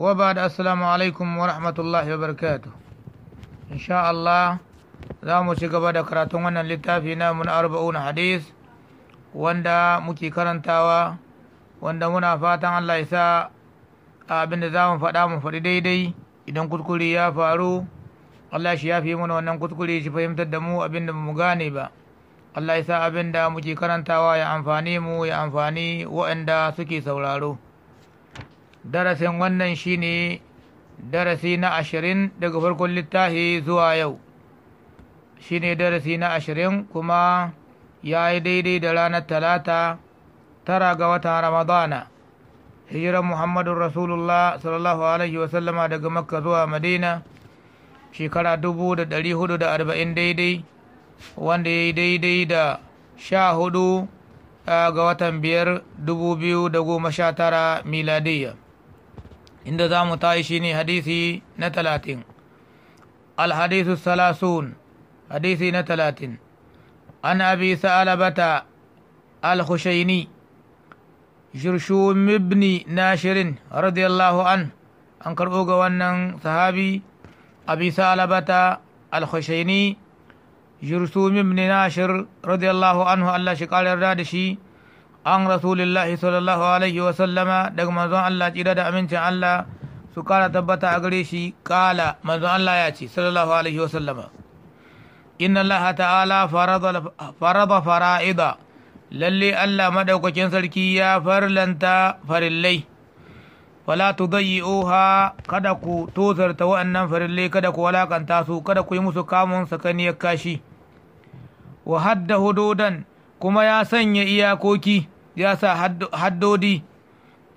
wa ba da assalamu alaikum wa rahmatullahi wa barakatuh zamu za mu ci gaba da karatun wannan littafi na mun arba'un hadis wanda muke karantawa wanda muna fatan Allah ya sa abinda za mu faɗa mu faɗi daidai idan kuskure ya faru Allah shi ya fi mana wannan kuskure shi fahimtar da mu abinda mu gane ba Allah ya sa abinda muke karantawa ya amfani mu ya amfani waɗanda suke sauraro. darasin wannan shine darasi na ashirin daga farkon littafi zuwa yau shine darasi na ashirin kuma ya yi daidai da ranar talata tara ga watan ramadana hijiran muhammadun rasulullah sallallahu alaihi wasallama daga makka zuwa madina shekara dubu da ɗari hudu da arba'in daidai wanda ya yi daidai da sha hudu eh, ga watan biyar dubu biyu da goma sha tara miladiyya inda za mu tayi shi ne hadisi na talatin alhadisu salasun hadisi na talatin an abi sa'alabata al-hushaini shirshum ibn nashirin radiyallahu an an karɓo ga wannan sahabi abi sa'alabata al-hushaini shirshum nashir radiyallahu anhu Allah shi ƙarar da shi an rasulillahi sallallahu alaihi wa sallama, daga manzon Allah tsira da amincin Allah su kara tabbata a gare shi kala manzon Allah ya ce sallallahu alaihi sallama inna Allah ta'ala farada fara'ida lalle Allah madaukakin sarki ya farlanta farillai wala tudayyuha kada ku tozarta wa'annan farillai kada ku walakanta su kada ku yi musu kamun sakaniyar kashi wa hadda hududan kuma ya sanya iyakoki ya sa haddodi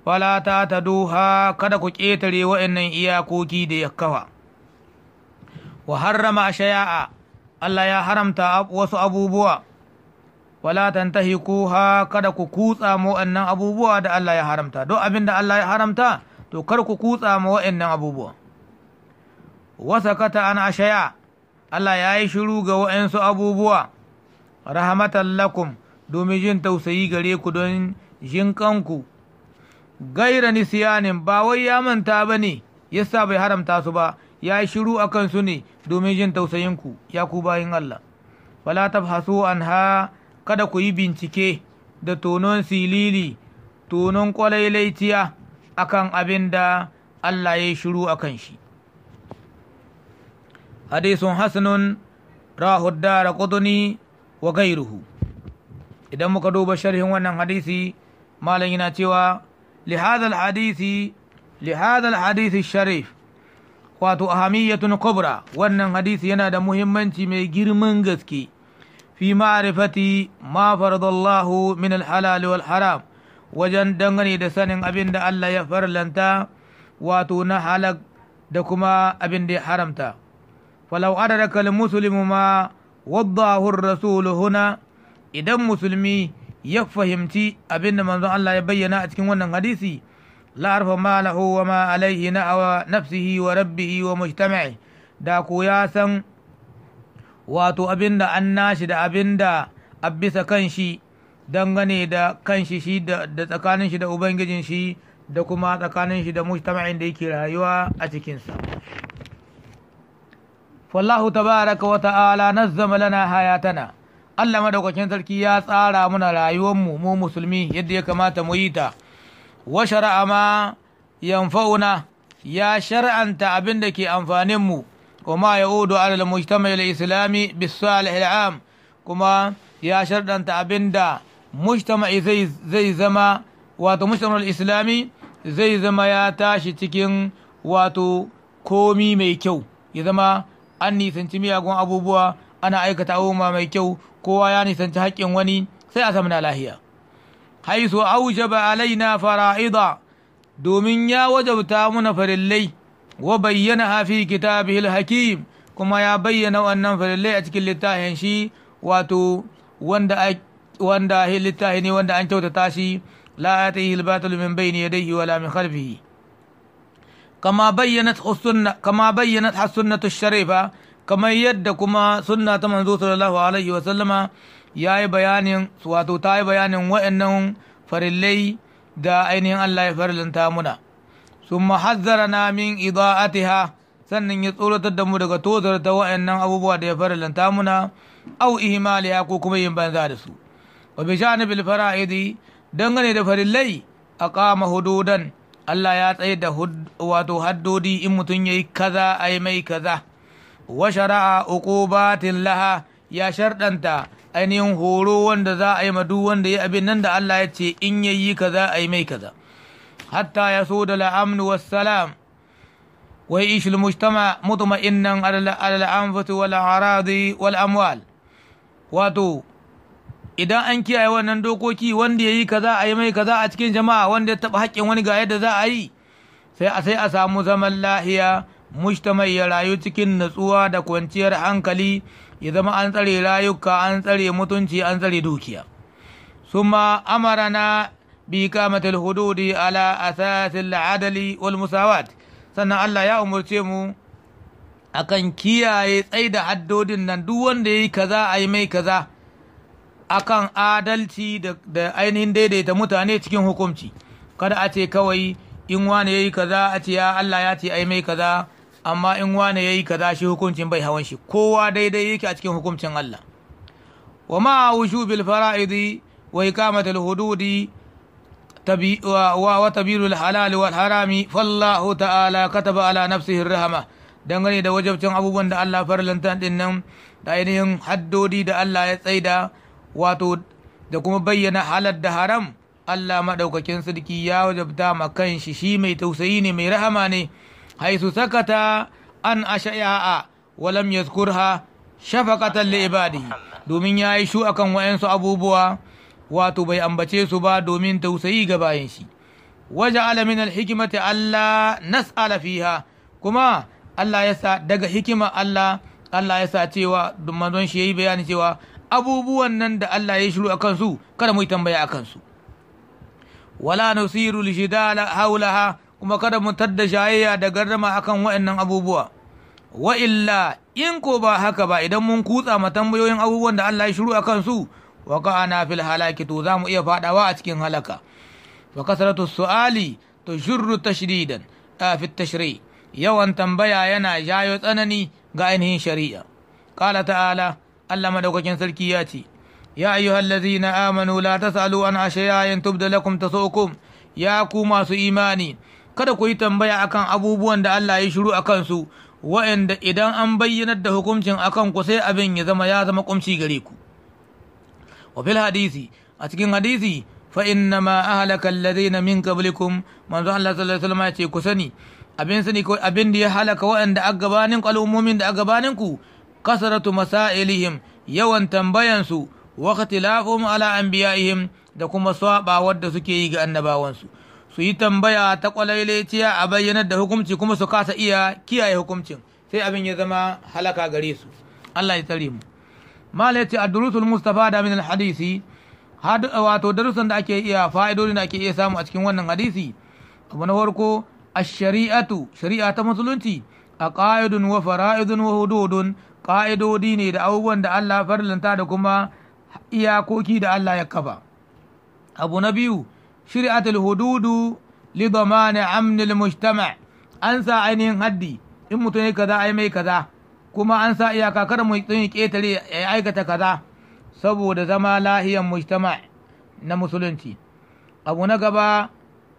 wala ta ta doha kada ku ƙetare wa'annan iyakoki da ya kawa. wa harrama shaya'a Allah ya haramta wasu abubuwa wala tantahi ha kada ku kutsa mu wa'annan abubuwa da Allah ya haramta don abin da Allah ya haramta to kar ku kutsa mu wa'annan abubuwa wasa kata an ashaya Allah ya yi shiru ga wa'ansu abubuwa rahmatan lakum domin jin tausayi gare ku don jin kanku gaira nisiyanin ba wai ya manta ba ne yasa bai haramta su ba ya yi shiru a kansu ne domin jin tausayinku ya ku bayin Allah wala an ha kada ku yi bincike da tonon silili tonon a kan abin da Allah ya yi shiru a kan shi hadisun hasanun rahudda da kuduni wa gairuhu idan muka duba sharhin wannan hadisi malam yana cewa li hadha hadisi li hadisi sharif wato ahamiyatun kubra wannan hadisi yana da muhimmanci mai girman gaske fi ma'rifati ma faradallahu min alhalali wal haram wajen dangane da sanin abin da Allah ya farlanta wato na halak da kuma abin da ya haramta falau adada kal muslimu ma waddahu rasulu huna idan musulmi ya fahimci abin da manzon Allah ya bayyana a cikin wannan hadisi la arfa ma lahu wa ma alaihi na awa nafsihi wa rabbihi wa mujtama'i da ko ya san wato abin da an nashi da abin da abisa kan shi dangane da kan shi da tsakanin shi da ubangijin shi da kuma tsakanin shi da mujtama'in da yake rayuwa a cikinsa. wallahu tabaraka wa ta'ala nazzama lana tana. Allah madaukakin sarki ya tsara mana rayuwar mu mu musulmi yadda ya kamata mu yi ta wa shar'a ma yanfa'una ya shar'anta abin da ke amfanin mu kuma ya udu alal mujtama'i al-islami bis salih al-am kuma ya shar'anta abin da mujtama'i zai zai zama wato islami zai zama ya tashi cikin wato komi mai kyau ya zama an nisanci miyagun abubuwa ana aikata abubuwa mai kyau kowa ya nisanci haƙƙin wani sai a samna lahiya haisu aujaba alaina fara'ida domin ya wajabta muna farillai wa bayyana hafi kitabihi hakim kuma ya bayyana wannan farillai a cikin littafin shi wato wanda wanda littafi ne wanda an kyautata shi la yatihi al-batil min bayni yadayhi wala min khalfihi kama bayyana sunna kama sharifa kamar yadda kuma sunna ta manzo sallallahu alaihi wa sallama yayi bayanin wato ta yi bayanin wa'annan farillai da ainihin Allah ya farillanta muna summa hazzarana min ida'atiha sannan ya tsoratar da mu daga tozar ta wa'annan abubuwa da ya farillanta muna au ihmaliha ko kuma yin banza da su wa bi sha'ni bil fara'idi dangane da farillai aqama dan. Allah ya tsaye da wato haddodi in mutum ya yi kaza a yi mai kaza wa shara'a batin laha ya sharɗanta ainihin horo wanda za a yi ma duk wanda ya abin nan da Allah ya ce in ya yi kaza a yi mai kaza hatta ya so da la'amn wassalam wa yish al-mujtama mutma'innan ala al-anfus wal wal amwal wato idan an kiyaye wannan dokoki wanda ya yi kaza a yi mai kaza a cikin jama'a wanda ya taɓa haƙƙin wani ga yadda za a yi sai a sai a samu zaman lahiya mujtamai ya rayu cikin natsuwa da kwanciyar hankali ya zama an tsare rayuka an tsare mutunci an tsare dukiya suma amarana bi da hududi ala asasil adali wal musawat sannan Allah ya umurce mu akan kiyaye tsaida haddodin nan duk wanda yayi kaza a yi mai kaza akan adalci da ainihin daidaita mutane cikin hukunci kada a ce kawai in wane yi kaza a ce ya Allah ya ce mai kaza amma in wane yi kaza shi hukuncin bai hawan shi kowa daidai yake a cikin hukuncin Allah wa ma wushubil fara'idi wa iqamatil hududi wa tabilul halal wal harami fallahu ta'ala kataba ala nafsihi rahama dangane da wajabcin abubuwan da Allah farlanta nan da ainihin haddodi da Allah ya tsaida wato da kuma bayyana halar da haram Allah maɗaukakin sarki ya wajabta ma kan shi Shi mai tausayi ne mai rahama ne haisu sakata an ashaya'a walam yazkurha shafaqatan li ibadihi domin ya yi shu akan wayansu abubuwa wato bai ambace su ba domin tausayi ga bayan shi waje alamin alhikimati Allah nas'ala fiha kuma Allah ya sa daga hikima Allah Allah ya sa cewa manzon shi yayi bayani cewa abubuwan nan da Allah ya shiru a kansu kada mu yi tambaya a kansu wala nusiru lishidala haulaha kuma kada mu tadda shayayya da gardama akan waɗannan abubuwa wa illa in ko ba haka ba idan mun kutsa ma tambayoyin abubuwan da Allah ya shiru a kansu wa ka'ana fil halaki to za mu iya fadawa a cikin halaka wa kasratu su'ali to shurru tashridan a fi tashri yawan tambaya yana jayo tsanani ga ainihin shari'a qala ta'ala Allah madaukakin sarki ya ce ya na amanu la tasalu an ashaya in tubda lakum tasukum ya ku masu imani kada ku yi tambaya akan abubuwan da Allah ya shiru a kansu wa'anda idan an bayyanar da hukuncin akan ku sai abin ya zama ya zama kumci gare ku wa fil hadisi a cikin hadisi fa inna ma ahlaka alladhina min qablikum manzo Allah sallallahu alaihi wasallam ya ce ku sani abin sani ko abin da ya halaka wa'anda a gabanin al'ummomin da a gabanin ku kasaratu masailihim yawan tambayansu wa ikhtilafuhum ala anbiya'ihim da kuma saba wadda suke yi ga annabawansu su yi tambaya ta kwalaileciya a bayyanar da hukunci kuma su kasa iya kiyaye hukuncin sai abin ya zama halaka gare su Allah ya tsare mu mala yace ad-durusul min hadisi wato darusan da ake iya fa'idodin da ake iya samu a cikin wannan hadisi abu na farko ash-shari'atu shari'a ta musulunci a ƙa'idun wa fara'idun wa hududun ƙa'idodi ne da abubuwan da Allah farlanta da kuma iyakoki da Allah ya kafa abu na biyu shir'atul hududu li dhamani amnil mujtama an sa ainihin haddi in mutum ya kaza ai mai kaza kuma an sa iyaka kar mu ya ketare ya aikata kaza saboda zama lahiyan mujtama na musulunci abu na gaba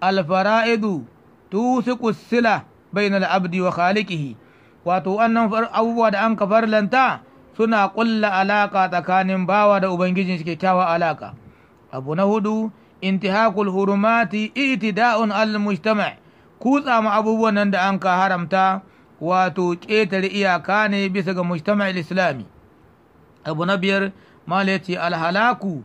alfara'idu tusiqu sila bainal abdi wa khalikihi wato wannan abubuwa da an ka farlanta suna ƙulla alaka tsakanin bawa da ubangijin shi kyakkyawa alaka abu na hudu intihakul hurumati itida'un al mujtama kutsa ma abubuwan nan da an ka haramta wato ƙetare iyaka ne bisa ga mujtama islami abu na biyar malaci alhalaku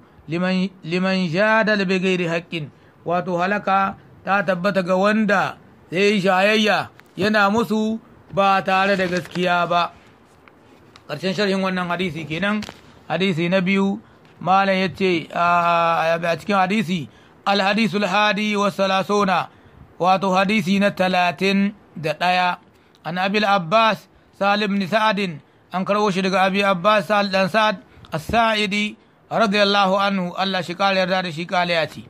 liman jadal bi gairi haƙƙin wato halaka ta tabbata ga wanda zai yi shayayya yana musu ba tare da gaskiya ba ƙarshen sharhin wannan hadisi kenan hadisi na biyu malam ya ce a cikin hadisi alhadisul hadi wa salasona wato hadisi na talatin da ɗaya an abil abbas salim ni sa'adin an karbo shi daga abi abbas sal dan sa'ad as-sa'idi radiyallahu anhu Allah shi kare yarda da shi kale ya ce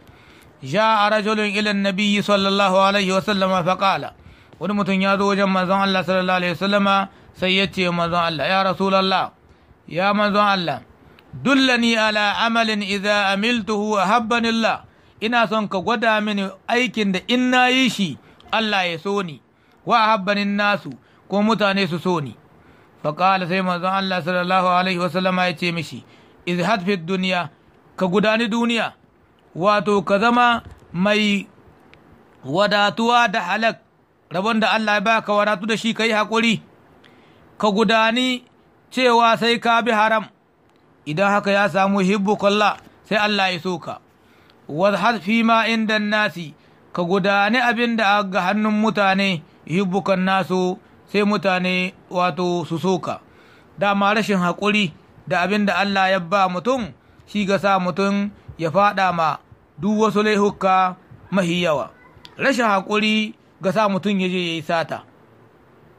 ja'a rajulun ila an sallallahu alaihi wa sallama faqala wani mutum ya zo wajen manzon Allah sallallahu alaihi wasallama sai ya ce manzon Allah ya rasulullah ya manzon Allah dullani ala amalin idza amiltuhu ahabbani Allah ina son ka gwada mini aikin da in yi shi Allah ya so ni wa ahabbanin nasu ko mutane su so ni faƙala sai manzon Allah sallallahu alaihi wasallama ya ce mishi izhad fi duniya ka gudani duniya wato ka zama mai wadatuwa da halak rabon da Allah ya baka wadatu da shi ka yi haƙuri ka gudani cewa sai ka bi haram idan haka ya samu hibbu kalla sai Allah ya so ka wazhar fi ma inda nasi ka gudani abin da ga hannun mutane hibbukan nasu sai mutane wato su so da dama rashin haƙuri da abin da Allah ya ba mutum shi ga sa mutum ya faɗa ma duk wasu laihuka mahi yawa rashin haƙuri ga sa mutum ya je ya yi sata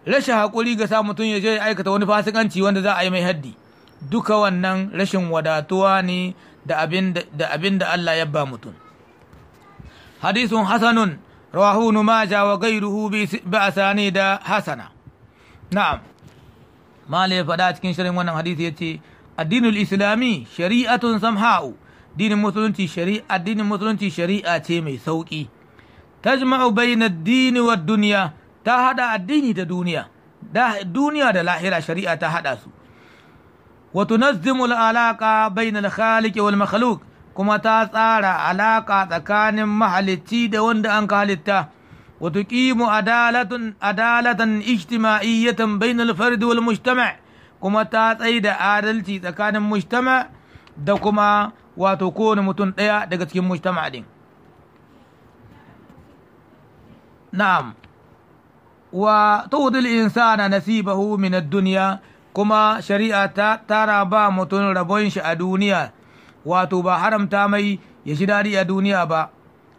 rashin haƙuri ga sa mutum ya je ya aikata wani fasikanci wanda za a yi mai haddi duka wannan rashin wadatuwa ne da abin da Allah ya ba mutum hadisun hasanun rahu numaja wa gairuhu bi asani da Hassana. na'am mala ya faɗa cikin shirin wannan hadisi ya ce addinul islami shari'atun samha'u dinin musulunci shari'a addinin musulunci shari'a ce mai sauƙi tajma'u bayna ad-din wa dunya ta hada addini da duniya da duniya da lahira shari'a ta hada su wa tunazzimu al-alaqa bayna al-khaliq wal makhluq kuma ta tsara alaka tsakanin mahalicci da wanda an halitta wa tuqimu adalatan ijtima'iyyatan bayna al-fard wal mujtama' kuma ta tsaida adalci tsakanin mujtama' da kuma wato kowane mutum ɗaya daga cikin mujtama' din na'am wa tu'til insana nasibahu min ad-dunya kuma shari'a ta tara ba mutum rabon shi a duniya wato ba haramta mai ya shi daɗi a duniya ba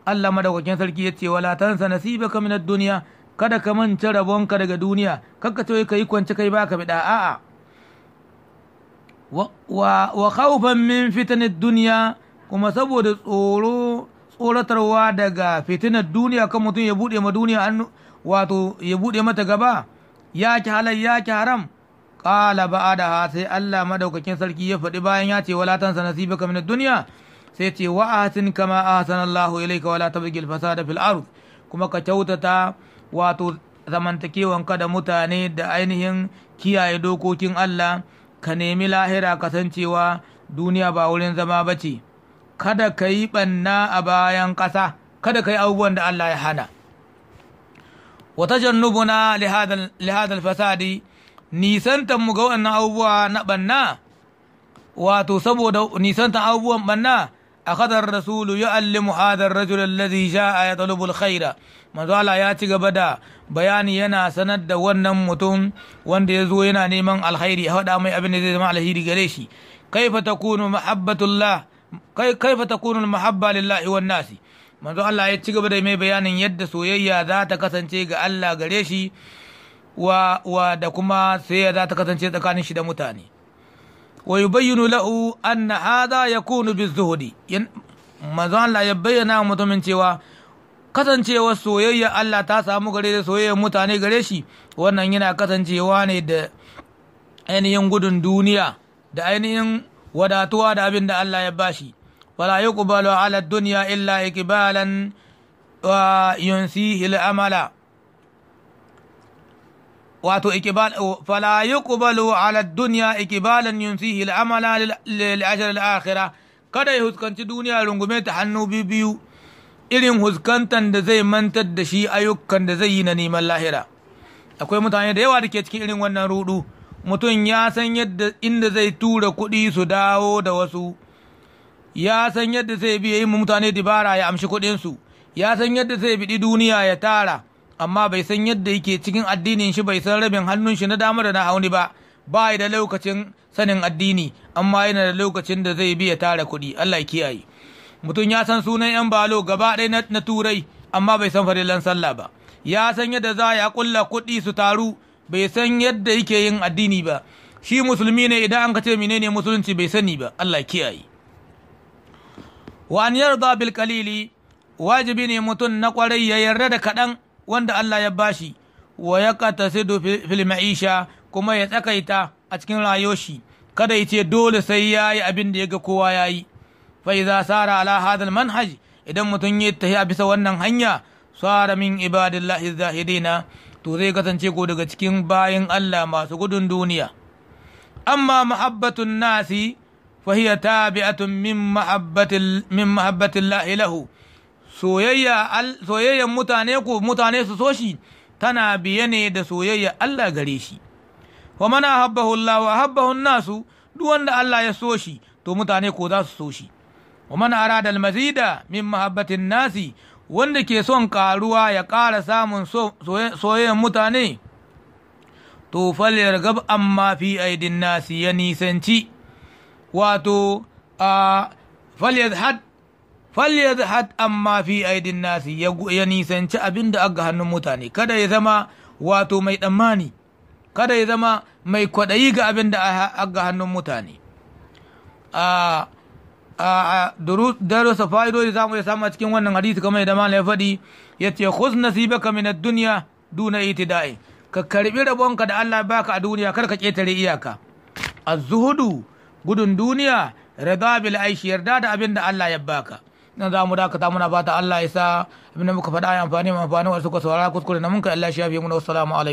Allah madaukakin sarki ya ce wala tansa nasibaka min ad-dunya kada ka manta rabonka daga duniya kakka ce kai kwance kai baka bida a'a wa wa khawfan min fitanid dunya kuma saboda tsoro tsoratarwa daga fitinar duniya kan mutum ya buɗe ma duniya hannu wato ya buɗe mata gaba ya ki halal ya ki haram da ha sai Allah madaukakin sarki ya faɗi bayan ya ce wala tansa nasibaka min duniya sai ce wa ahsin kama ahsana Allahu ilayka wala tabghil fasada fil ard kuma ka kyautata wato zamantakewanka da mutane da ainihin kiyaye dokokin Allah ka nemi lahira kasancewa duniya ba wurin zama bace kada ka yi ɓanna a bayan ƙasa kada ka yi abubuwan da Allah ya hana wata na lihadal fasadi nisantan mu ga waɗannan abubuwa na ɓanna wato saboda nisantan abubuwan ɓanna a kadar rasulu ya muhadar hadar rajul alladhi a ya talubul khaira manzo Allah ya ci gaba da bayani yana sanar da wannan mutum wanda ya zo yana neman alkhairi ya faɗa mai abin da zai zama alheri gare shi kaifa kunu mahabbatullah kai kaifa takunu al-mahabba lillahi wan nasi manzo Allah ya ci gaba da mai bayanin yadda soyayya za ta kasance ga Allah gare shi wa wa da kuma soyayya za ta kasance tsakanin shi da mutane wa yubayyinu lahu anna hadha yakunu bizuhdi manzo Allah ya bayyana mutumin cewa kasancewar soyayya Allah ta samu gare da soyayyar mutane gare shi wannan yana kasancewa ne da ainihin gudun duniya da ainihin wadatuwa da abin da Allah ya bashi wala yuqbalu ala dunya illa ikbalan wa yunsihi al-amala wato ikbal fala yuqbalu ala dunya ikbalan yunsihi al-amala lil al-akhirah kada ya huskanci duniya rungume ta hannu biyu irin huskantan da zai mantar da shi ayyukan da zai yi na neman lahira akwai mutane da yawa da ke cikin irin wannan rudu mutum ya san yadda inda zai tura kuɗi su dawo da wasu ya san yadda zai biya yi mutane dibara ya amshi kuɗinsu ya san yadda zai biɗi duniya ya tara amma bai san yadda yake cikin addinin shi bai san rabin hannun shi na dama da na hauni ba ba da lokacin sanin addini amma yana da lokacin da zai biya tara kuɗi Allah ya kiyaye mutum ya san sunan yan balo gaba ɗaya na turai amma bai san farilan sallah ba ya san yadda za ya kulla kuɗi su taru bai san yadda yake yin addini ba shi musulmi ne idan an ka ce menene musulunci bai sani ba Allah kiyaye wa an yarda bil qalili wajibi ne mutum na kwarai ya yarda da kaɗan wanda Allah ya bashi wa ya qatasidu fil ma'isha kuma ya tsakaita a cikin rayoshi kada ya ce dole sai ya yi abin da ya ga kowa yayi. yi fa idza sara ala hadha manhaj idan mutum ya tafi a bisa wannan hanya sara min ibadillahi zahidina to zai kasance ko daga cikin bayan Allah masu gudun duniya amma mahabbatun nasi fahiya tabi'atun min mahabbatin min lahi lahu soyayya mutane ko mutane su so shi tana biye ne da soyayya Allah gare shi wa mana habbahu Allah wa habbahu nasu duk wanda Allah ya so shi to mutane ko za su so shi wa man arada al-mazida min mahabbatin nasi wanda ke son karuwa ya ƙara samun soyayen mutane to falyar gab amma fi aidin nasi ya nisanci wato a falyar had amma fi aidin nasi ya nisanci abin da aga hannun mutane kada ya zama wato mai tsammani kada ya zama mai kwaɗayi ga abin da aga hannun mutane a darussa fa'idodi za mu iya samu a cikin wannan hadisi kamar yadda malam ya faɗi ya ce khus nasibaka min ad-dunya duna itida'i ka karbi rabonka da Allah baka a duniya kar ka ketare iyaka az-zuhudu gudun duniya rida bil aishi yarda da abin da Allah ya baka nan za mu dakata muna fata Allah ya sa abin da muka faɗa ya amfani mu amfani wasu ka saurara kuskure na mun ka Allah shi ya fi mu assalamu alaikum